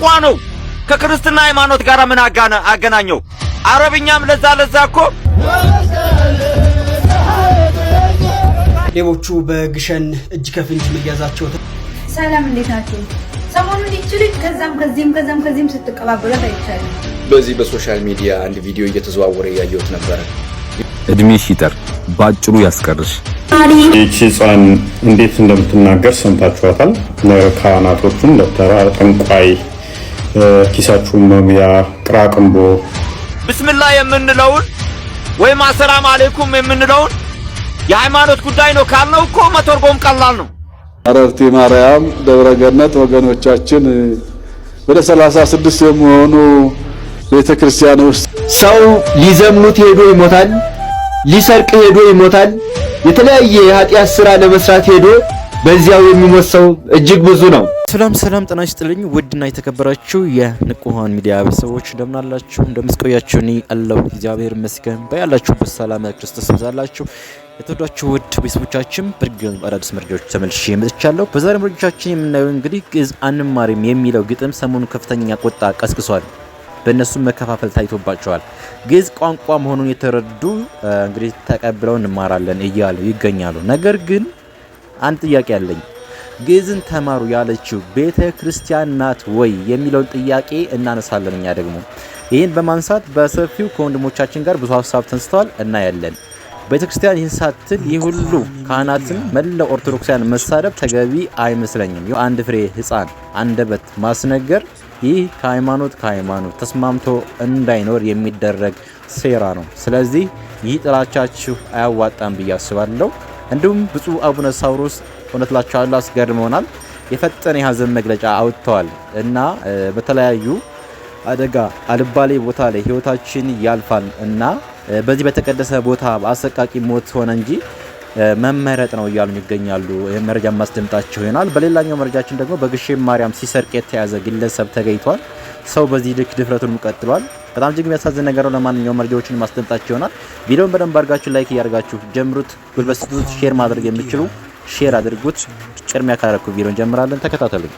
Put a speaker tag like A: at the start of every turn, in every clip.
A: ቋንቋ ነው። ከክርስትና ሃይማኖት ጋር ምን አገናኘው? አረብኛም ለዛ ለዛ እኮ ሌቦቹ በግሸን እጅ ከፍንጅ መያዛቸው።
B: ሰላም እንዴት ናችሁ? ሰሞኑን ይቺ ልጅ ከዛም ከዚህም ከዛም ከዚህም ስትቀባበለ አይቻልም።
C: በዚህ በሶሻል ሚዲያ አንድ ቪዲዮ እየተዘዋወረ እያየሁት ነበረ።
D: እድሜሽ ይጠር ባጭሩ ያስቀርሽ።
E: ይቺ ሕፃን እንዴት እንደምትናገር ሰምታችኋታል። ካህናቶቹም ለተራ ጠንቋይ ኪሳችሁን መሙያ ጥራቅምቦ
A: ብስምላ የምንለውን ወይም አሰላም አሌይኩም የምንለውን የሃይማኖት ጉዳይ ነው ካልነው እኮ መተርጎም ቀላል ነው።
F: አረርቲ ማርያም ደብረገነት ወገኖቻችን ወደ 36 የሚሆኑ ቤተ ክርስቲያን ውስጥ
A: ሰው ሊዘሙት ሄዶ ይሞታል፣ ሊሰርቅ ሄዶ ይሞታል፣ የተለያየ የኃጢአት ስራ ለመስራት ሄዶ በዚያው የሚሞት ሰው እጅግ ብዙ ነው።
G: ሰላም ሰላም፣ ጤና ይስጥልኝ ውድና የተከበራችሁ የንቁሃን ሚዲያ ቤተሰቦች እንደምን አላችሁ? እንደምስቆያችሁ እኔ አለሁ እግዚአብሔር ይመስገን። በያላችሁበት ሰላም ክርስቶስ ይብዛላችሁ። የተወዳችሁ ውድ ቤተሰቦቻችን በድጋሚ አዳዲስ መረጃዎች ተመልሼ መጥቻለሁ። በዛሬ መረጃዎቻችን የምናየው እንግዲህ ግዕዝ አንማርም የሚለው ግጥም ሰሞኑን ከፍተኛ ቁጣ ቀስቅሷል። በእነሱ መከፋፈል ታይቶባቸዋል። ግዕዝ ቋንቋ መሆኑን የተረዱ እንግዲህ ተቀብለው እንማራለን እያሉ ይገኛሉ። ነገር ግን አንድ ጥያቄ አለኝ። ግዕዝን ተማሩ ያለችው ቤተ ክርስቲያን ናት ወይ የሚለውን ጥያቄ እናነሳለን። እኛ ደግሞ ይህን በማንሳት በሰፊው ከወንድሞቻችን ጋር ብዙ ሀሳብ ተንስተዋል እናያለን። ቤተ ክርስቲያን ይህን ሳትል ይህ ሁሉ ካህናትን መላው ኦርቶዶክሳውያን መሳደብ ተገቢ አይመስለኝም። አንድ ፍሬ ህፃን አንደበት ማስነገር ይህ ከሃይማኖት ከሃይማኖት ተስማምቶ እንዳይኖር የሚደረግ ሴራ ነው። ስለዚህ ይህ ጥላቻችሁ አያዋጣም ብዬ አስባለሁ። እንዲሁም ብፁዕ አቡነ ሳዊሮስ እውነት ላቸዋለሁ አስገርመውናል። የፈጠነ የሀዘን መግለጫ አውጥተዋል እና በተለያዩ አደጋ አልባሌ ቦታ ላይ ህይወታችን ያልፋል እና በዚህ በተቀደሰ ቦታ በአሰቃቂ ሞት ሆነ እንጂ መመረጥ ነው እያሉ ይገኛሉ። መረጃ ማስደምጣቸው ይሆናል። በሌላኛው መረጃችን ደግሞ በግሼ ማርያም ሲሰርቅ የተያዘ ግለሰብ ተገኝቷል። ሰው በዚህ ልክ ድፍረቱን ቀጥሏል። በጣም እጅግ የሚያሳዝን ነገር ነው። ለማንኛውም መረጃዎችን ማስደምጣችሁ ይሆናል። ቪዲዮን በደንብ አድርጋችሁ ላይክ እያደርጋችሁ ጀምሩት። ጉልበት ስጡት። ሼር ማድረግ የሚችሉ ሼር አድርጉት። ቅድሚያ ካረኩ ቪዲዮን ጀምራለን። ተከታተሉኝ።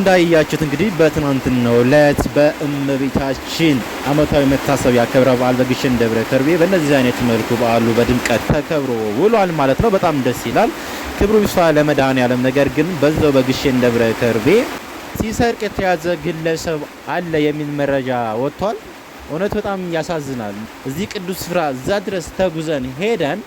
G: እንዳያችሁት እንግዲህ በትናንትናው ዕለት በእመቤታችን አመታዊ መታሰቢያ ክብረ በዓል በግሸን ደብረ ከርቤ በእነዚህ አይነት መልኩ በዓሉ በድምቀት ተከብሮ ውሏል ማለት ነው። በጣም ደስ ይላል። ክብሩ ይስፋ ለመድኃኔዓለም። ነገር ግን በዛው በግሸን ደብረ ከርቤ ሲሰርቅ የተያዘ ግለሰብ አለ የሚል መረጃ ወጥቷል። እውነት በጣም ያሳዝናል። እዚህ ቅዱስ ስፍራ እዛ ድረስ ተጉዘን ሄደን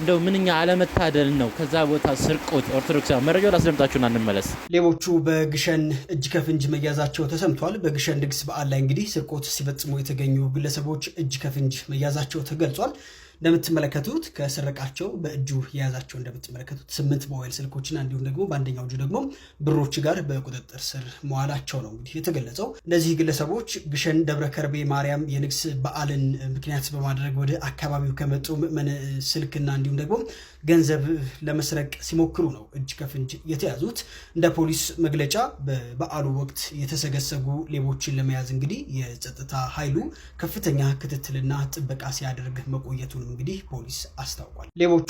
G: እንደው ምንኛ አለመታደል ነው። ከዛ ቦታ ስርቆት ኦርቶዶክሳ መረጃ ላስደምጣችሁና እንመለስ።
A: ሌቦቹ በግሸን እጅ ከፍንጅ መያዛቸው ተሰምቷል። በግሸን ድግስ በዓል ላይ እንግዲህ ስርቆት ሲፈጽሙ የተገኙ ግለሰቦች እጅ ከፍንጅ መያዛቸው ተገልጿል። እንደምትመለከቱት ከስርቃቸው በእጁ የያዛቸው እንደምትመለከቱት ስምንት ሞባይል ስልኮችና እንዲሁም ደግሞ በአንደኛው እጁ ደግሞ ብሮች ጋር በቁጥጥር ስር መዋላቸው ነው እንግዲህ የተገለጸው። እነዚህ ግለሰቦች ግሸን ደብረ ከርቤ ማርያም የንግስ በዓልን ምክንያት በማድረግ ወደ አካባቢው ከመጡ ምዕመን ስልክና እንዲሁም ደግሞ ገንዘብ ለመስረቅ ሲሞክሩ ነው እጅ ከፍንጅ የተያዙት። እንደ ፖሊስ መግለጫ በበዓሉ ወቅት የተሰገሰጉ ሌቦችን ለመያዝ እንግዲህ የጸጥታ ኃይሉ ከፍተኛ ክትትልና ጥበቃ ሲያደርግ መቆየቱንም እንግዲህ ፖሊስ አስታውቋል። ሌቦቹ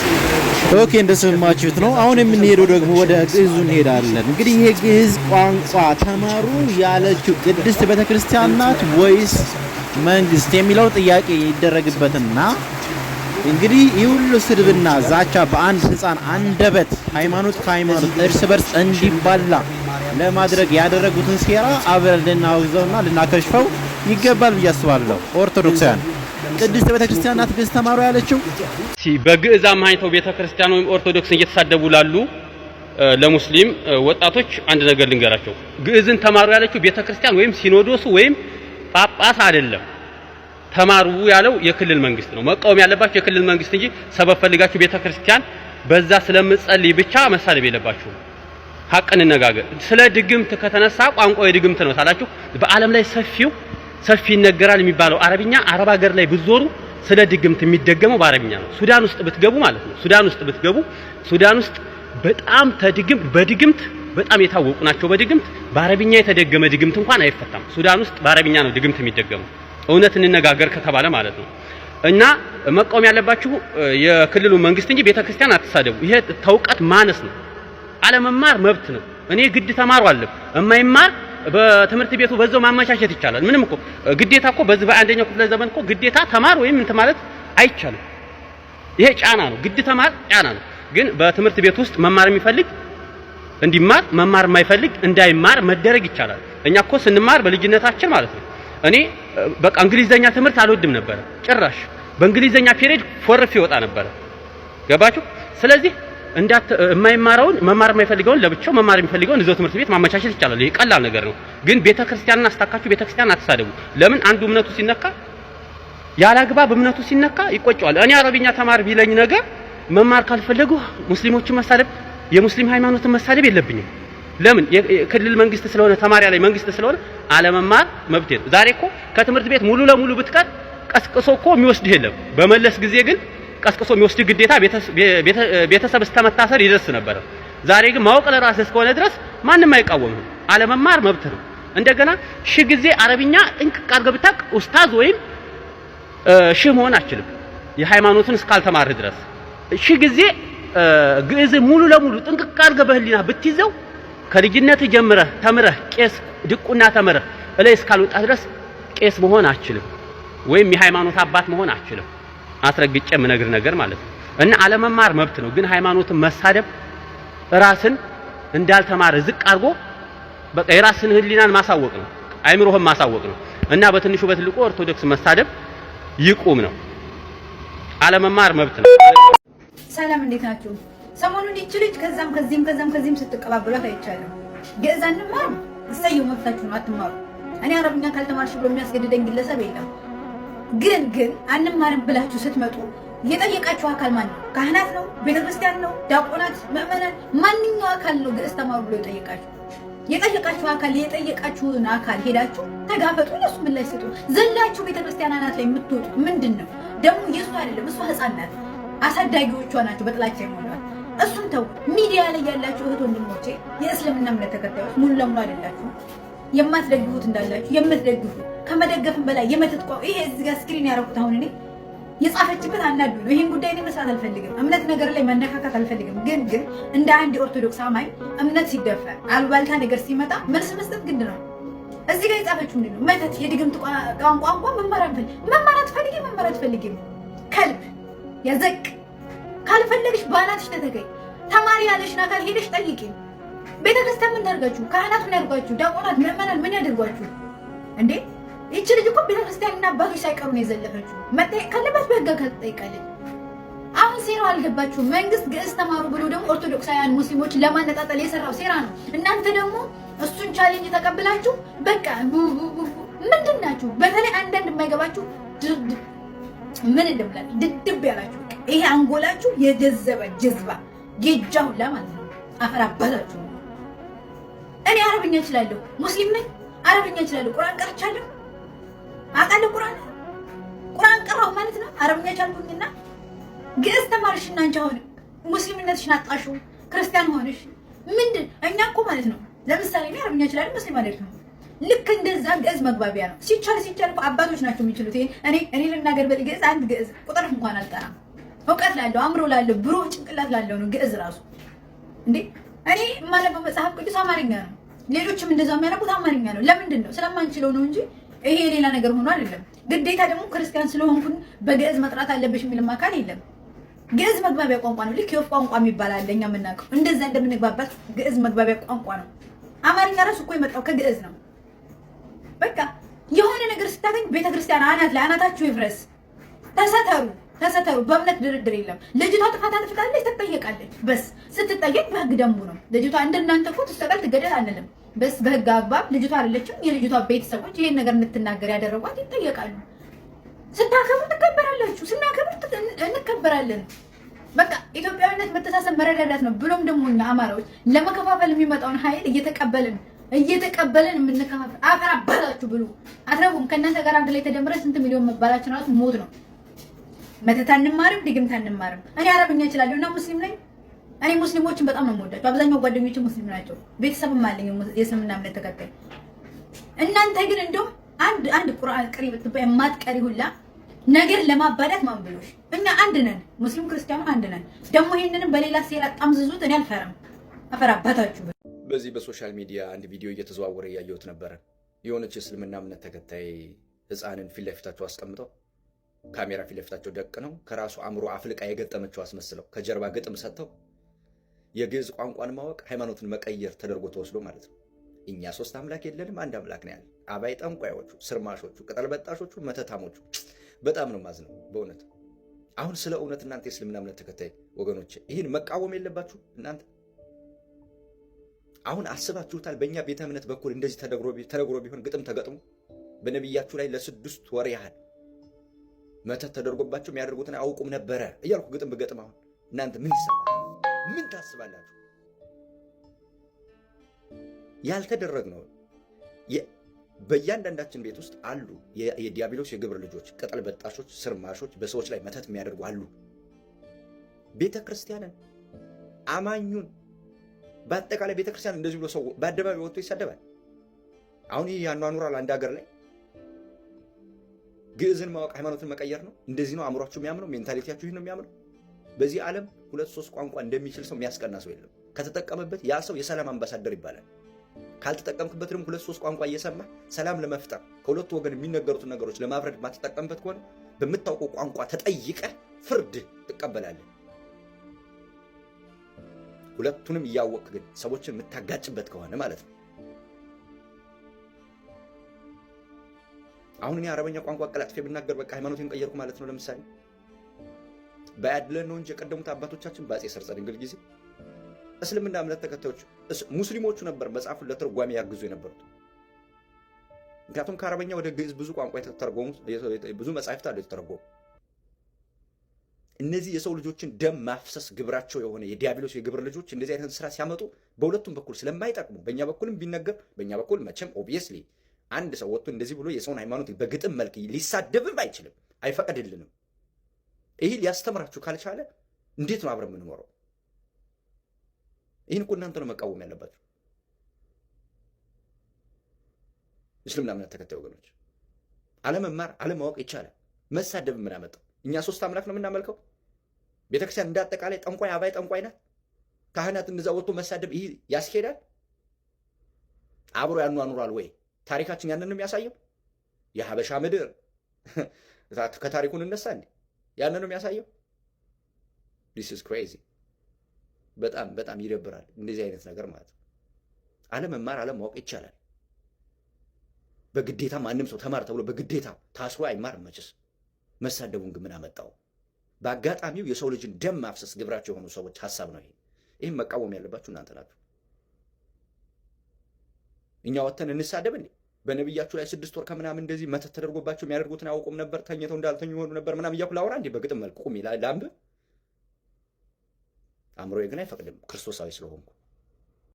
G: ኦኬ እንደሰማችሁት ነው። አሁን የምንሄደው ደግሞ ወደ ግዕዙ እንሄዳለን። እንግዲህ ይሄ ግዕዝ ቋንቋ ተማሩ ያለችው ቅድስት ቤተክርስቲያን ናት ወይስ መንግስት የሚለው ጥያቄ ይደረግበትና እንግዲህ ይህ ሁሉ ስድብና ዛቻ በአንድ ህፃን አንደበት ሃይማኖት ከሃይማኖት እርስ በርስ እንዲባላ ለማድረግ ያደረጉትን ሴራ አብረን ልናወግዘውና ልናከሽፈው ይገባል ብዬ አስባለሁ። ኦርቶዶክሳውያን
A: ቅድስት ቤተክርስቲያን ናት ግዕዝ ተማሩ ያለችው።
H: በግዕዝ አማኝተው ቤተክርስቲያን ወይም ኦርቶዶክስን እየተሳደቡ ላሉ ለሙስሊም ወጣቶች አንድ ነገር ልንገራቸው። ግዕዝን ተማሩ ያለችው ቤተክርስቲያን ወይም ሲኖዶሱ ወይም ጳጳስ አይደለም። ተማሩ ያለው የክልል መንግስት ነው። መቃወም ያለባችሁ የክልል መንግስት እንጂ ሰበብ ፈልጋችሁ ቤተክርስቲያን በዛ ስለምጸልይ ብቻ መሳለብ የለባችሁ። ሀቅን እነጋገር። ስለ ድግምት ከተነሳ ቋንቋው የድግምት ነው ታላችሁ። በዓለም ላይ ሰፊው ሰፊ ይነገራል የሚባለው አረብኛ፣ አረብ ሀገር ላይ ብትዞሩ ስለ ድግምት የሚደገመው በአረብኛ ነው። ሱዳን ውስጥ ብትገቡ ማለት ነው። ሱዳን ውስጥ ብትገቡ ሱዳን ውስጥ በጣም ተድግምት በድግምት በጣም የታወቁ ናቸው። በድግምት በአረብኛ የተደገመ ድግምት እንኳን አይፈታም። ሱዳን ውስጥ በአረብኛ ነው ድግምት የሚደገመው። እውነት እንነጋገር ከተባለ ማለት ነው። እና መቃወም ያለባችሁ የክልሉ መንግስት እንጂ ቤተክርስቲያን አትሳደቡ። ይሄ ተውቀት ማነስ ነው። አለመማር መብት ነው። እኔ ግድ ተማሩ አለም የማይማር በትምህርት ቤቱ በዛው ማመቻቸት ይቻላል። ምንም እኮ ግዴታ እኮ በዚህ በአንደኛው ክፍለ ዘመን እኮ ግዴታ ተማር ወይም እንትን ማለት አይቻልም። ይሄ ጫና ነው። ግድ ተማር ጫና ነው። ግን በትምህርት ቤት ውስጥ መማር የሚፈልግ እንዲማር፣ መማር የማይፈልግ እንዳይማር መደረግ ይቻላል። እኛ እኮ ስንማር በልጅነታችን ማለት ነው እኔ በቃ እንግሊዘኛ ትምህርት አልወድም ነበረ ጭራሽ። በእንግሊዘኛ ፔሬድ ፎርፍ ይወጣ ነበረ። ገባችሁ? ስለዚህ እንዳት የማይማረውን መማር የማይፈልገውን ለብቻው መማር የሚፈልገውን እዛው ትምህርት ቤት ማመቻቸት ይቻላል። ይሄ ቀላል ነገር ነው። ግን ቤተክርስቲያንን አስታካችሁ ቤተክርስቲያን አትሳደቡ። ለምን አንዱ እምነቱ ሲነካ ያላግባብ እምነቱ ሲነካ ይቆጨዋል። እኔ አረብኛ ተማር ቢለኝ ነገር መማር ካልፈለጉ ሙስሊሞችን መሳደብ የሙስሊም ሃይማኖትን መሳደብ የለብኝም። ለምን የክልል መንግስት ስለሆነ ተማሪ ላይ መንግስት ስለሆነ አለመማር መብት ነው። ዛሬ እኮ ከትምህርት ቤት ሙሉ ለሙሉ ብትቀር ቀስቅሶ እኮ የሚወስድህ የለም። በመለስ ጊዜ ግን ቀስቅሶ የሚወስድ ግዴታ ቤተሰብ እስከመታሰር ይደርስ ነበረ። ዛሬ ግን ማወቅ ለራስ እስከሆነ ድረስ ማንም አይቃወምም። አለመማር መብት ነው። እንደገና ሺህ ጊዜ አረብኛ ጥንቅቅ አድርገህ ብታውቅ ኡስታዝ ወይም ሺህ መሆን አችልም፣ የሃይማኖቱን እስካልተማርህ ድረስ ሺህ ጊዜ ግዕዝ ሙሉ ለሙሉ ጥንቅቅ አድርገህ በህሊና ብትይዘው ከልጅነት ጀምረህ ተምረህ ቄስ ድቁና ተምረህ እላይ እስካልወጣህ ድረስ ቄስ መሆን አችልም፣ ወይም የሃይማኖት አባት መሆን አችልም። አስረግጬ የምነግር ነገር ማለት ነው። እና አለመማር መብት ነው፣ ግን ሃይማኖትን መሳደብ ራስን እንዳልተማረ ዝቅ አድርጎ በቃ የራስን ህሊናን ማሳወቅ ነው፣ አይምሮህን ማሳወቅ ነው። እና በትንሹ በትልቁ ኦርቶዶክስ መሳደብ ይቁም ነው። አለመማር መብት ነው።
B: ሰላም፣ እንዴት ናችሁ? ሰሞኑን ይቺ ልጅ ከዛም ከዚህም ከዛም ከዚህም ስትቀባበሏት አይቻለሁ። ግዕዛን እንማር እሰየው መብታችሁ ነው፣ አትማሩ። እኔ አረብኛ ካልተማርሽ ብሎ የሚያስገድደኝ ግለሰብ የለም። ግን ግን አንማርም ብላችሁ ስትመጡ የጠየቃችሁ አካል ማን ነው? ካህናት ነው? ቤተክርስቲያን ነው? ዲያቆናት፣ ምዕመናን፣ ማንኛው አካል ነው? ግዕዝ ተማሩ ብሎ የጠየቃችሁ የጠየቃችሁ አካል የጠየቃችሁን አካል ሄዳችሁ ተጋፈጡ፣ እነሱ ምላሽ ስጡ። ዘላችሁ ቤተክርስቲያን አናት ላይ የምትወጡት ምንድን ነው ደግሞ? አይደለም እሷ ህፃን ናት፣ አሳዳጊዎቿ ናቸው በጥላቻ እሱን ተው። ሚዲያ ላይ ያላችሁ እህት ወንድሞቼ፣ የእስልምና እምነት ተከታዮች ሙሉ ለሙሉ አይደላችሁ፣ የማትደግፉት እንዳላችሁ የምትደግፉ ከመደገፍም በላይ የመተት ይሄ እዚህ ጋር ስክሪን ያደረኩት አሁን እኔ የጻፈችበት አናዱ ነው። ይህን ጉዳይ እኔ መስራት አልፈልግም። እምነት ነገር ላይ መነካካት አልፈልግም። ግን ግን እንደ አንድ የኦርቶዶክስ አማኝ እምነት ሲደፈር አልባልታ ነገር ሲመጣ መልስ መስጠት ግድ ነው። እዚህ ጋር የጻፈችው ምንድን ነው? መተት የድግምት ቋንቋ መማር አልፈልግም። መማር አትፈልጊም። መማር አትፈልጊም። ከልብ የዘቅ ካልፈለግሽ በአናትሽ ተተገኝ። ተማሪ ያለሽ ናካል ሄደሽ ጠይቂ። ቤተክርስቲያን ምን ታርጋችሁ? ካህናት ምን ያርጋችሁ? ዲያቆናት፣ ምዕመናን ምን ያደርጓችሁ? እንዴ ይቺ ልጅ እኮ ቤተክርስቲያንና አባቶች ሳይቀሩ ነው የዘለፈችው። መጠየቅ ካለባት በህግ አካል አሁን ሴራው አልገባችሁ መንግስት ግዕዝ ተማሩ ብሎ ደግሞ ኦርቶዶክሳውያን ሙስሊሞችን ለማነጣጠል የሰራው ሴራ ነው። እናንተ ደግሞ እሱን ቻሌንጅ ተቀብላችሁ በቃ ምንድን ናችሁ? በተለይ አንዳንድ የማይገባችሁ ምን እንደምላል ድድብ ያላችሁ ይሄ አንጎላችሁ የጀዘበ ጀዝባ ጌጃ ሁላ ማለት ነው። አፈር አባታችሁ። እኔ አረብኛ እችላለሁ፣ ሙስሊም ነኝ፣ አረብኛ እችላለሁ። ቁርአን ቀርቻለሁ፣ አውቃለሁ። ቁርአን ቁርአን ቀራሁ ማለት ነው። አረብኛ ቻልኩኝና ግዕዝ ተማርሽና አንቺ አሁን ሙስሊምነትሽን አጣሽው፣ ክርስቲያን ሆንሽ። ምንድን እኛ እኮ ማለት ነው ለምሳሌ እኔ አረብኛ እችላለሁ፣ ሙስሊም አይደለሁም። ልክ እንደዛ ግዕዝ መግባቢያ ነው። ሲቻል ሲቻል አባቶች ናቸው የሚችሉት። እኔ እኔ ልናገር በል ግዕዝ አንድ ግዕዝ ቁጥር እንኳን አልጠራም። እውቀት ላለው አእምሮ ላለው ብሩህ ጭንቅላት ላለው ነው ግዕዝ ራሱ። እንዴ እኔ የማነበው መጽሐፍ ቅዱስ አማርኛ ነው። ሌሎችም እንደዛ የሚያነቡት አማርኛ ነው። ለምንድን ነው? ስለማንችለው ነው እንጂ ይሄ የሌላ ነገር ሆኖ አይደለም። ግዴታ ደግሞ ክርስቲያን ስለሆንኩን በግዕዝ መጥራት አለብሽ የሚልም አካል የለም። ግዕዝ መግባቢያ ቋንቋ ነው። ልክ የወፍ ቋንቋ የሚባል አለ እኛ የምናውቀው እንደዛ እንደምንግባባት ግዕዝ መግባቢያ ቋንቋ ነው። አማርኛ ራሱ እኮ የመጣው ከግዕዝ ነው። በቃ የሆነ ነገር ስታገኝ ቤተክርስቲያን አናት ላይ አናታችሁ ይፍረስ፣ ተሰተሩ ተሰተሩ። በእምነት ድርድር የለም። ልጅቷ ጥፋት አጥፍታለች፣ ትጠየቃለች። በስ ስትጠየቅ በህግ ደንቡ ነው። ልጅቷ እንደናንተ እኮ ትሰቀል፣ ትገደል አንልም። በስ በህግ አግባብ ልጅቷ አይደለችም። የልጅቷ ቤተሰቦች ይሄን ነገር እንድትናገር ያደረጓት ይጠየቃሉ። ስታከብር ትከበራላችሁ፣ ስናከብር እንከበራለን። በቃ ኢትዮጵያዊነት መተሳሰብ፣ መረዳዳት ነው። ብሎም ደግሞ እኛ አማራዎች ለመከፋፈል የሚመጣውን ኃይል እየተቀበልን እየተቀበልን የምንከፋፈል አፈር አባታችሁ ብሉ። አትረቡም። ከእናንተ ጋር አንድ ላይ ተደምረ ስንት ሚሊዮን መባላችን ራሱ ሞት ነው። መተት አንማርም፣ ድግምት አንማርም። እኔ አረብኛ እችላለሁ እና ሙስሊም ነኝ። እኔ ሙስሊሞችን በጣም ነው የምወዳቸው። አብዛኛው ጓደኞች ሙስሊም ናቸው። ቤተሰብም አለኝ የእስልምና እምነት ተከታይ። እናንተ ግን እንደውም አንድ አንድ ቁርአን ቀሪ ብትባይ የማትቀሪ ሁላ ነገር ለማባዳት ማንብሎሽ። እኛ አንድ ነን፣ ሙስሊም ክርስቲያኑ አንድ ነን። ደግሞ ይህንንም በሌላ ሴራ ጣምዝዙት። እኔ አልፈራም፣ አባታችሁ።
C: በዚህ በሶሻል ሚዲያ አንድ ቪዲዮ እየተዘዋወረ እያየሁት ነበረ። የሆነች የእስልምና እምነት ተከታይ ህፃንን ፊት ለፊታቸው አስቀምጠው ካሜራ ፊት ለፊታቸው ደቅ ነው ከራሱ አእምሮ አፍልቃ የገጠመችው አስመስለው ከጀርባ ግጥም ሰጥተው የግዕዝ ቋንቋን ማወቅ ሃይማኖትን መቀየር ተደርጎ ተወስዶ ማለት ነው። እኛ ሶስት አምላክ የለንም አንድ አምላክ ነው ያለ። አባይ ጠንቋዮቹ፣ ስርማሾቹ፣ ቅጠል በጣሾቹ መተታሞቹ በጣም ነው ነው በእውነት አሁን ስለ እውነት እናንተ የእስልምና እምነት ተከታይ ወገኖች ይህን መቃወም የለባችሁ እናንተ አሁን አስባችሁታል? በእኛ ቤተ እምነት በኩል እንደዚህ ተደግሮ ቢሆን ግጥም ተገጥሞ በነቢያችሁ ላይ ለስድስት ወር ያህል መተት ተደርጎባቸው የሚያደርጉትን አውቁም ነበረ እያልኩ ግጥም ብገጥም አሁን እናንተ ምን ይሰማል? ምን ታስባላችሁ? ነው። በእያንዳንዳችን ቤት ውስጥ አሉ። የዲያብሎስ የግብር ልጆች፣ ቅጠል በጣሾች፣ ስርማሾች በሰዎች ላይ መተት የሚያደርጉ አሉ። ቤተ ክርስቲያንን፣ አማኙን፣ በአጠቃላይ ቤተ ክርስቲያን እንደዚህ ብሎ ሰው በአደባባይ ወጥቶ ይሳደባል። አሁን ይህ ያኗኑራል አንድ ሀገር ላይ ግዕዝን ማወቅ ሃይማኖትን መቀየር ነው። እንደዚህ ነው አእምሯችሁ የሚያምነው፣ ሜንታሊቲያችሁ ይህ ነው የሚያምነው። በዚህ ዓለም ሁለት ሶስት ቋንቋ እንደሚችል ሰው የሚያስቀና ሰው የለም። ከተጠቀመበት ያ ሰው የሰላም አምባሳደር ይባላል። ካልተጠቀምክበት ደግሞ ሁለት ሶስት ቋንቋ እየሰማ ሰላም ለመፍጠር ከሁለቱ ወገን የሚነገሩትን ነገሮች ለማብረድ ማትጠቀምበት ከሆነ በምታውቀው ቋንቋ ተጠይቀ ፍርድ ትቀበላለህ። ሁለቱንም እያወቅህ ግን ሰዎችን የምታጋጭበት ከሆነ ማለት ነው አሁን እኔ አረበኛ ቋንቋ አቀላጥፌ ብናገር በቃ ሃይማኖቴን ቀየርኩ ማለት ነው። ለምሳሌ በያድለን ነው እንጂ የቀደሙት አባቶቻችን በአፄ ሰርጸ ድንግል ጊዜ እስልምና እምነት ተከታዮች ሙስሊሞቹ ነበር መጽሐፉን ለትርጓሚ ያግዙ የነበሩት። ምክንያቱም ከአረበኛ ወደ ግዕዝ ብዙ ቋንቋ የተተረጎሙ ብዙ መጽሐፍት አሉ የተተረጎሙ። እነዚህ የሰው ልጆችን ደም ማፍሰስ ግብራቸው የሆነ የዲያብሎስ የግብር ልጆች እንደዚህ አይነት ስራ ሲያመጡ በሁለቱም በኩል ስለማይጠቅሙ በእኛ በኩልም ቢነገር በእኛ በኩል መቼም ኦብቪየስሊ አንድ ሰው ወጥቶ እንደዚህ ብሎ የሰውን ሃይማኖት በግጥም መልክ ሊሳደብም አይችልም፣ አይፈቀድልንም። ይህ ሊያስተምራችሁ ካልቻለ እንዴት ነው አብረን የምንኖረው? ይህን እኮ እናንተ ነው መቃወም ያለባችሁ እስልምና እምነት ተከታይ ወገኖች። አለመማር አለማወቅ ይቻላል። መሳደብ ምን አመጣው? እኛ ሶስት አምላክ ነው የምናመልከው። ቤተክርስቲያን እንዳጠቃላይ ጠንቋይ አባይ ጠንቋይ ናት። ካህናት እንደዛ ወጥቶ መሳደብ ይህ ያስኬዳል? አብሮ ያኗኑራል ወይ? ታሪካችን ያንን የሚያሳየው የሀበሻ ምድር ከታሪኩን እነሳ እንዴ? ያንን የሚያሳየው ዲስ ኢዝ ክሬዚ። በጣም በጣም ይደብራል እንደዚህ አይነት ነገር ማለት ነው። አለመማር አለማወቅ ይቻላል። በግዴታ ማንም ሰው ተማር ተብሎ በግዴታ ታስሮ አይማርም። መችስ መሳደቡን ግን ምን አመጣው? በአጋጣሚው የሰው ልጅን ደም ማፍሰስ ግብራቸው የሆኑ ሰዎች ሀሳብ ነው ይሄ። ይህም መቃወም ያለባችሁ እናንተ ናችሁ። እኛ ወተን እንሳደብ እንዴ? በነብያችሁ ላይ ስድስት ወር ከምናምን እንደዚህ መተት ተደርጎባቸው የሚያደርጉትን አያውቁም ነበር፣ ተኝተው እንዳልተኙ ይሆኑ ነበር ምናምን እያልኩ ላውራ እንዴ? በግጥም መልክ ቁሜ ላምብ። አእምሮዬ ግን አይፈቅድም ክርስቶሳዊ ስለሆንኩ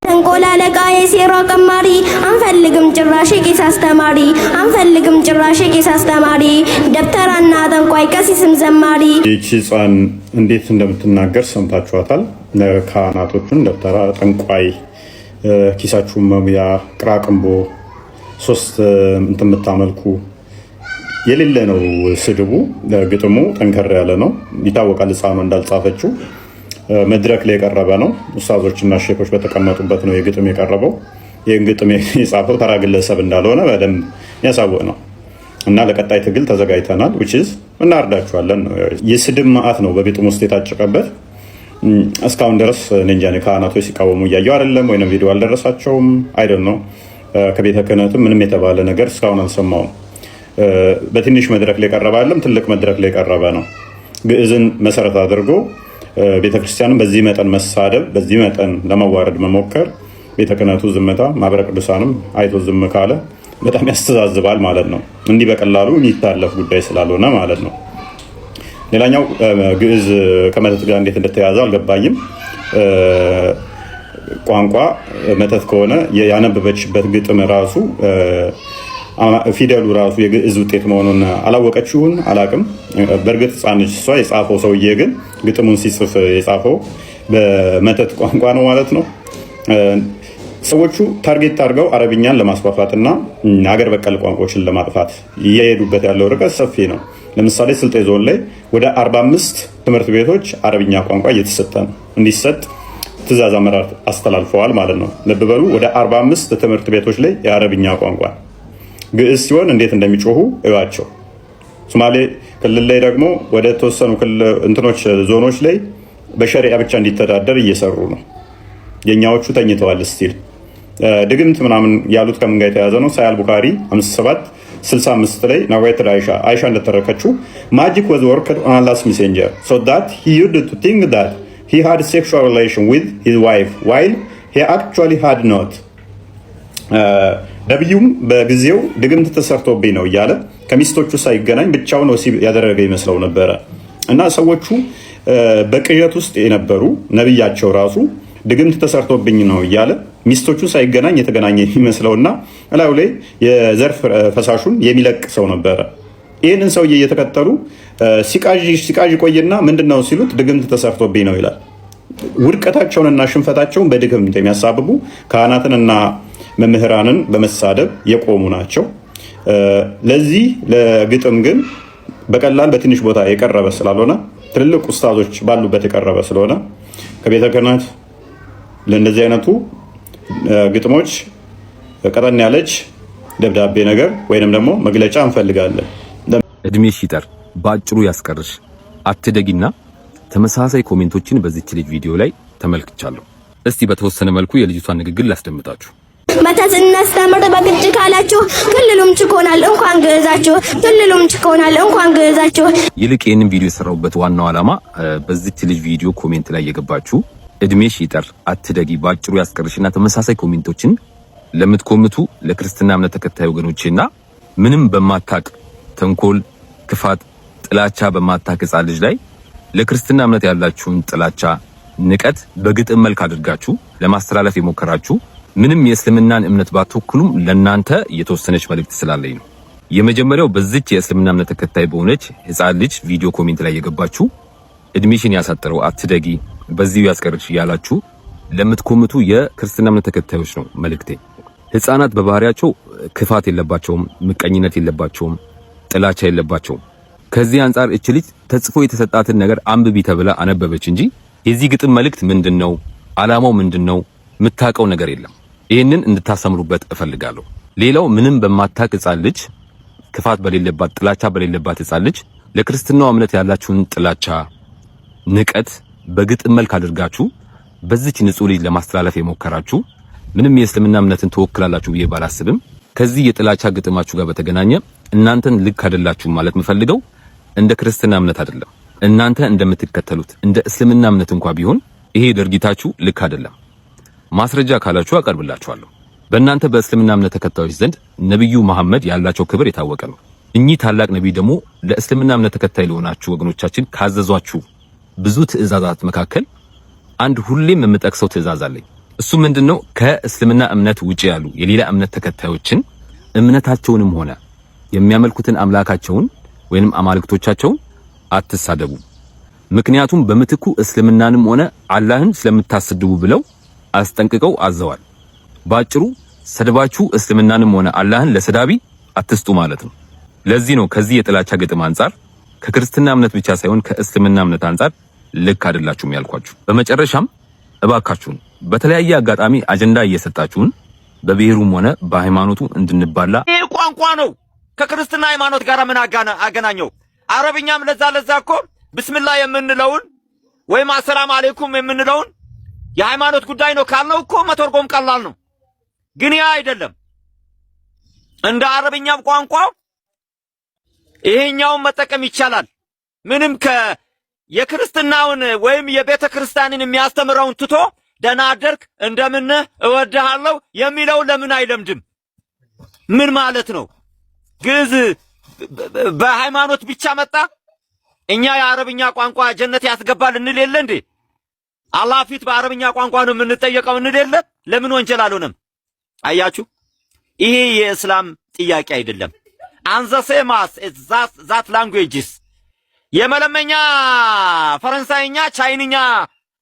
I: ተንቆላለቃ የሴራ ቀማሪ አንፈልግም ጭራሽ ቄስ አስተማሪ አንፈልግም ጭራሽ ቄስ አስተማሪ ደብተራና ጠንቋይ ቀሲስም ዘማሪ።
E: ይቺ ሕፃን እንዴት እንደምትናገር ሰምታችኋታል። ካህናቶቹን ደብተራ ጠንቋይ ኪሳችሁን መሙያ ቅራቅንቦ ሶስት እንትን የምታመልኩ የሌለ ነው ስድቡ። ግጥሙ ጠንከር ያለ ነው ይታወቃል። ህፃኑ እንዳልጻፈችው መድረክ ላይ የቀረበ ነው። ውሳዞችና ሼኮች በተቀመጡበት ነው የግጥም የቀረበው። ይህን ግጥም የጻፈው ተራ ግለሰብ እንዳልሆነ በደንብ የሚያሳውቅ ነው እና ለቀጣይ ትግል ተዘጋጅተናል። ዊችዝ እናርዳችኋለን ነው። የስድብ መዓት ነው በግጥም ውስጥ የታጨቀበት። እስካሁን ድረስ እንጃ ካህናቶች ሲቃወሙ እያየው አይደለም፣ ወይም ቪዲዮ አልደረሳቸውም አይደል ነው። ከቤተ ክህነትም ምንም የተባለ ነገር እስካሁን አልሰማውም። በትንሽ መድረክ ላይ ቀረበ አይደለም፣ ትልቅ መድረክ ላይ ቀረበ ነው። ግዕዝን መሰረት አድርጎ ቤተክርስቲያንን በዚህ መጠን መሳደብ፣ በዚህ መጠን ለመዋረድ መሞከር ቤተ ክህነቱ ዝምታ፣ ማህበረ ቅዱሳንም አይቶ ዝም ካለ በጣም ያስተዛዝባል ማለት ነው። እንዲህ በቀላሉ የሚታለፍ ጉዳይ ስላልሆነ ማለት ነው። ሌላኛው ግዕዝ ከመተት ጋር እንዴት እንደተያዘ አልገባኝም። ቋንቋ መተት ከሆነ ያነበበችበት ግጥም ራሱ ፊደሉ ራሱ የግዕዝ ውጤት መሆኑን አላወቀችውን አላቅም። በእርግጥ ሕፃነች እሷ። የጻፈው ሰውዬ ግን ግጥሙን ሲጽፍ የጻፈው በመተት ቋንቋ ነው ማለት ነው። ሰዎቹ ታርጌት አድርገው አረብኛን ለማስፋፋት እና ሀገር በቀል ቋንቋዎችን ለማጥፋት እየሄዱበት ያለው ርቀት ሰፊ ነው። ለምሳሌ ስልጤ ዞን ላይ ወደ 45 ትምህርት ቤቶች አረብኛ ቋንቋ እየተሰጠ ነው እንዲሰጥ ትእዛዝ አመራር አስተላልፈዋል ማለት ነው። ልብ በሉ ወደ 45 ትምህርት ቤቶች ላይ የአረብኛ ቋንቋ ግዕዝ ሲሆን እንዴት እንደሚጮሁ እዩዋቸው። ሶማሌ ክልል ላይ ደግሞ ወደ ተወሰኑ እንትኖች ዞኖች ላይ በሸሪያ ብቻ እንዲተዳደር እየሰሩ ነው። የእኛዎቹ ተኝተዋል። ስቲል ድግምት ምናምን ያሉት ከምን ጋር የተያዘ ነው? ሳያል ቡካሪ 57 65 ላይ ናዋይት አይሻ አይሻ እንደተረከችው ማጂክ ወዝ ወርከድ ኦን አላስ ሜሴንጀር ሶ ዳት ሂ ዩድ ቱ ቲንክ ዳት ሂ ሃድ ሴክሹዋል ሪሌሽን ዊዝ ሂዝ ዋይፍ ዋይል ሂ አክቹዋሊ ሃድ ኖት ነቢዩም በጊዜው ድግምት ተሰርቶብኝ ነው እያለ ከሚስቶቹ ሳይገናኝ ብቻውን ወሲብ ያደረገ ይመስለው ነበረ እና ሰዎቹ uh, በቅዠት ውስጥ የነበሩ ነቢያቸው ራሱ ድግምት ተሰርቶብኝ ነው እያለ ሚስቶቹ ሳይገናኝ የተገናኘ የሚመስለውና እላዩ ላይ የዘርፍ ፈሳሹን የሚለቅ ሰው ነበረ። ይህንን ሰውዬ እየተከተሉ ሲቃዥ ቆይና ምንድነው ሲሉት ድግምት ተሰርቶብኝ ነው ይላል። ውድቀታቸውንና ሽንፈታቸውን በድግምት የሚያሳብቡ ካህናትንና መምህራንን በመሳደብ የቆሙ ናቸው። ለዚህ ለግጥም ግን በቀላል በትንሽ ቦታ የቀረበ ስላልሆነ ትልልቅ ኡስታዞች ባሉበት የቀረበ ስለሆነ ከቤተ ክህነት ለእንደዚህ አይነቱ ግጥሞች ቀጠን ያለች ደብዳቤ ነገር ወይንም ደግሞ መግለጫ እንፈልጋለን።
D: እድሜ ሲጠር በአጭሩ ያስቀርሽ አትደጊና ተመሳሳይ ኮሜንቶችን በዚች ልጅ ቪዲዮ ላይ ተመልክቻለሁ። እስቲ በተወሰነ መልኩ የልጅቷን ንግግር ላስደምጣችሁ።
J: መተት እናስተምር በግድ ካላችሁ ክልሉም ችኮናል እንኳን ግዕዛችሁ፣ ክልሉም ችኮናል እንኳን ግዕዛችሁ።
D: ይልቅ ይህንን ቪዲዮ የሰራሁበት ዋናው ዓላማ በዚች ልጅ ቪዲዮ ኮሜንት ላይ የገባችሁ እድሜ ይጠር አትደጊ በአጭሩ ያስቀርሽና ተመሳሳይ ኮሜንቶችን ለምትኮምቱ ለክርስትና እምነት ተከታይ ወገኖቼና ምንም በማታቅ ተንኮል፣ ክፋት፣ ጥላቻ በማታቅ ህፃን ልጅ ላይ ለክርስትና እምነት ያላችሁን ጥላቻ፣ ንቀት በግጥም መልክ አድርጋችሁ ለማስተላለፍ የሞከራችሁ ምንም የእስልምናን እምነት ባትወክሉም ለእናንተ የተወሰነች መልእክት ስላለኝ ነው። የመጀመሪያው በዚች የእስልምና እምነት ተከታይ በሆነች ሕፃን ልጅ ቪዲዮ ኮሜንት ላይ የገባችሁ እድሜሽን ያሳጠረው አትደጊ በዚህ ያስቀርች እያላችሁ ለምትኮምቱ የክርስትና እምነት ተከታዮች ነው መልእክቴ። ህፃናት በባህሪያቸው ክፋት የለባቸውም፣ ምቀኝነት የለባቸውም፣ ጥላቻ የለባቸውም። ከዚህ አንጻር እች ልጅ ተጽፎ የተሰጣትን ነገር አንብቢ ተብላ አነበበች እንጂ የዚህ ግጥም መልእክት ምንድን ነው? ዓላማው ምንድን ነው? የምታውቀው ነገር የለም። ይህንን እንድታሰምሩበት እፈልጋለሁ። ሌላው ምንም በማታቅ ህፃን ልጅ ክፋት በሌለባት ጥላቻ በሌለባት ህፃን ልጅ ለክርስትናው እምነት ያላችሁን ጥላቻ፣ ንቀት በግጥም መልክ አድርጋችሁ በዚች ንጹህ ልጅ ለማስተላለፍ የሞከራችሁ ምንም የእስልምና እምነትን ትወክላላችሁ ብዬ ባላስብም ከዚህ የጥላቻ ግጥማችሁ ጋር በተገናኘ እናንተን ልክ አይደላችሁም ማለት የምፈልገው እንደ ክርስትና እምነት አይደለም። እናንተ እንደምትከተሉት እንደ እስልምና እምነት እንኳ ቢሆን ይሄ ድርጊታችሁ ልክ አይደለም። ማስረጃ ካላችሁ አቀርብላችኋለሁ። በእናንተ በእስልምና እምነት ተከታዮች ዘንድ ነብዩ መሐመድ ያላቸው ክብር የታወቀ ነው። እኚህ ታላቅ ነቢይ ደግሞ ለእስልምና እምነት ተከታይ ለሆናችሁ ወገኖቻችን ካዘዟችሁ ብዙ ትዕዛዛት መካከል አንድ ሁሌም የምጠቅሰው ትዕዛዝ አለኝ። እሱ ምንድነው? ከእስልምና እምነት ውጪ ያሉ የሌላ እምነት ተከታዮችን እምነታቸውንም ሆነ የሚያመልኩትን አምላካቸውን ወይንም አማልክቶቻቸውን አትሳደቡ። ምክንያቱም በምትኩ እስልምናንም ሆነ አላህን ስለምታስድቡ ብለው አስጠንቅቀው አዘዋል። ባጭሩ ሰድባችሁ እስልምናንም ሆነ አላህን ለሰዳቢ አትስጡ ማለት ነው። ለዚህ ነው ከዚህ የጥላቻ ግጥም አንጻር ከክርስትና እምነት ብቻ ሳይሆን ከእስልምና እምነት አንጻር ልክ አይደላችሁም ያልኳችሁ። በመጨረሻም እባካችሁን በተለያየ አጋጣሚ አጀንዳ እየሰጣችሁን በብሔሩም ሆነ በሃይማኖቱ እንድንባላ
A: ይህ ቋንቋ ነው ከክርስትና ሃይማኖት ጋር ምን አገናኘው? አረብኛም ለዛ ለዛ እኮ ብስምላ የምንለውን ወይም አሰላም አሌይኩም የምንለውን የሃይማኖት ጉዳይ ነው ካልነው እኮ መተርጎም ቀላል ነው። ግን ያ አይደለም። እንደ አረብኛም ቋንቋ ይሄኛውን መጠቀም ይቻላል። ምንም ከ የክርስትናውን ወይም የቤተ ክርስቲያንን የሚያስተምረውን ትቶ ደህና አደርክ፣ እንደምን እወድሃለሁ የሚለውን ለምን አይለምድም? ምን ማለት ነው? ግዕዝ በሃይማኖት ብቻ መጣ? እኛ የአረብኛ ቋንቋ ጀነት ያስገባል እንል የለ እንዴ? አላህ ፊት በአረብኛ ቋንቋ ነው የምንጠየቀው እንል የለ? ለምን ወንጀል አልሆነም? አያችሁ፣ ይሄ የእስላም ጥያቄ አይደለም። አንዘሴማስ ዛት ላንጉዌጅስ የመለመኛ ፈረንሳይኛ፣ ቻይንኛ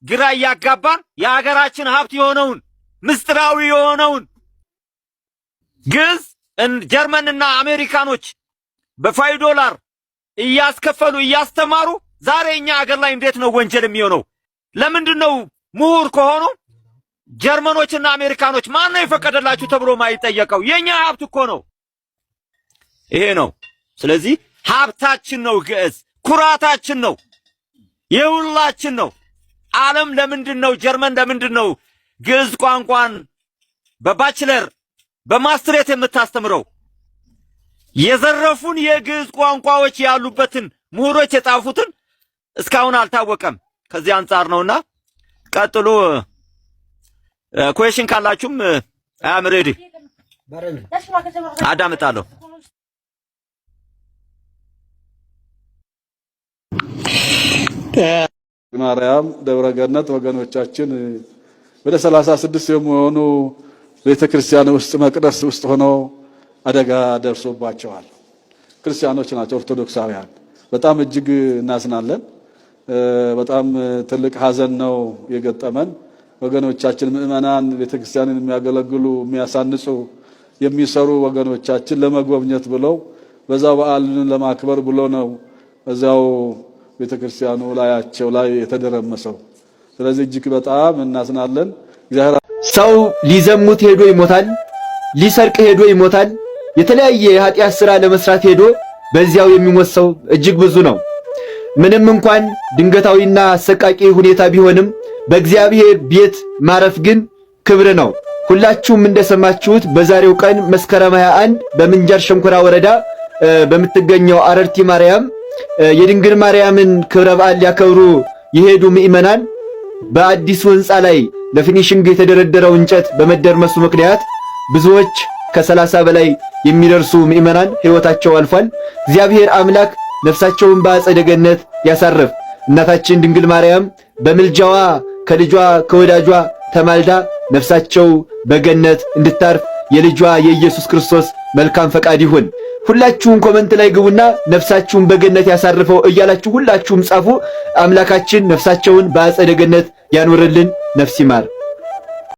A: ግራ እያጋባን የሀገራችን ሀብት የሆነውን ምስጢራዊ የሆነውን ግዕዝ ጀርመንና አሜሪካኖች በፋይ ዶላር እያስከፈሉ እያስተማሩ ዛሬ እኛ ሀገር ላይ እንዴት ነው ወንጀል የሚሆነው? ለምንድን ነው ምሁር ከሆኑ ጀርመኖችና አሜሪካኖች ማን ነው የፈቀደላችሁ ተብሎ ማይጠየቀው? የኛ ሀብት እኮ ነው። ይሄ ነው። ስለዚህ ሀብታችን ነው ግዕዝ። ኩራታችን ነው፣ የሁላችን ነው። ዓለም ለምንድን ነው ጀርመን ለምንድን ነው ግዕዝ ቋንቋን በባችለር በማስትሬት የምታስተምረው? የዘረፉን የግዕዝ ቋንቋዎች ያሉበትን ምሁሮች የጻፉትን እስካሁን አልታወቀም። ከዚህ አንጻር ነውና ቀጥሎ ኩዌሽን ካላችሁም አያም ሬዲ አዳምጣለሁ።
F: ማርያም ደብረገነት ወገኖቻችን ወደ ሰላሳ ስድስት የሚሆኑ ቤተክርስቲያን ውስጥ መቅደስ ውስጥ ሆነው አደጋ ደርሶባቸዋል። ክርስቲያኖች ናቸው፣ ኦርቶዶክሳውያን። በጣም እጅግ እናስናለን። በጣም ትልቅ ሀዘን ነው የገጠመን። ወገኖቻችን ምእመናን፣ ቤተክርስቲያንን የሚያገለግሉ የሚያሳንጹ፣ የሚሰሩ ወገኖቻችን ለመጎብኘት ብለው በዛው በዓልን ለማክበር ብሎ ነው እዚያው ቤተክርስቲያኑ ላያቸው ላይ የተደረመሰው። ስለዚህ እጅግ በጣም እናዝናለን።
A: ሰው ሊዘሙት ሄዶ ይሞታል፣ ሊሰርቅ ሄዶ ይሞታል። የተለያየ የኃጢአት ሥራ ለመስራት ሄዶ በዚያው የሚሞት ሰው እጅግ ብዙ ነው። ምንም እንኳን ድንገታዊና አሰቃቂ ሁኔታ ቢሆንም በእግዚአብሔር ቤት ማረፍ ግን ክብር ነው። ሁላችሁም እንደሰማችሁት በዛሬው ቀን መስከረም 21 በምንጃር ሸንኮራ ወረዳ በምትገኘው አረርቲ ማርያም የድንግል ማርያምን ክብረ በዓል ሊያከብሩ የሄዱ ምእመናን በአዲሱ ሕንፃ ላይ ለፊኒሽንግ የተደረደረው እንጨት በመደርመሱ ምክንያት ብዙዎች ከሰላሳ በላይ የሚደርሱ ምእመናን ሕይወታቸው አልፏል። እግዚአብሔር አምላክ ነፍሳቸውን በአጸደ ገነት ያሳረፍ። እናታችን ድንግል ማርያም በምልጃዋ ከልጇ ከወዳጇ ተማልዳ ነፍሳቸው በገነት እንድታርፍ የልጇ የኢየሱስ ክርስቶስ መልካም ፈቃድ ይሁን። ሁላችሁም ኮመንት ላይ ግቡና ነፍሳችሁን በገነት ያሳርፈው እያላችሁ ሁላችሁም ጻፉ። አምላካችን ነፍሳቸውን በአጸደ ገነት ያኖርልን። ነፍስ ይማር።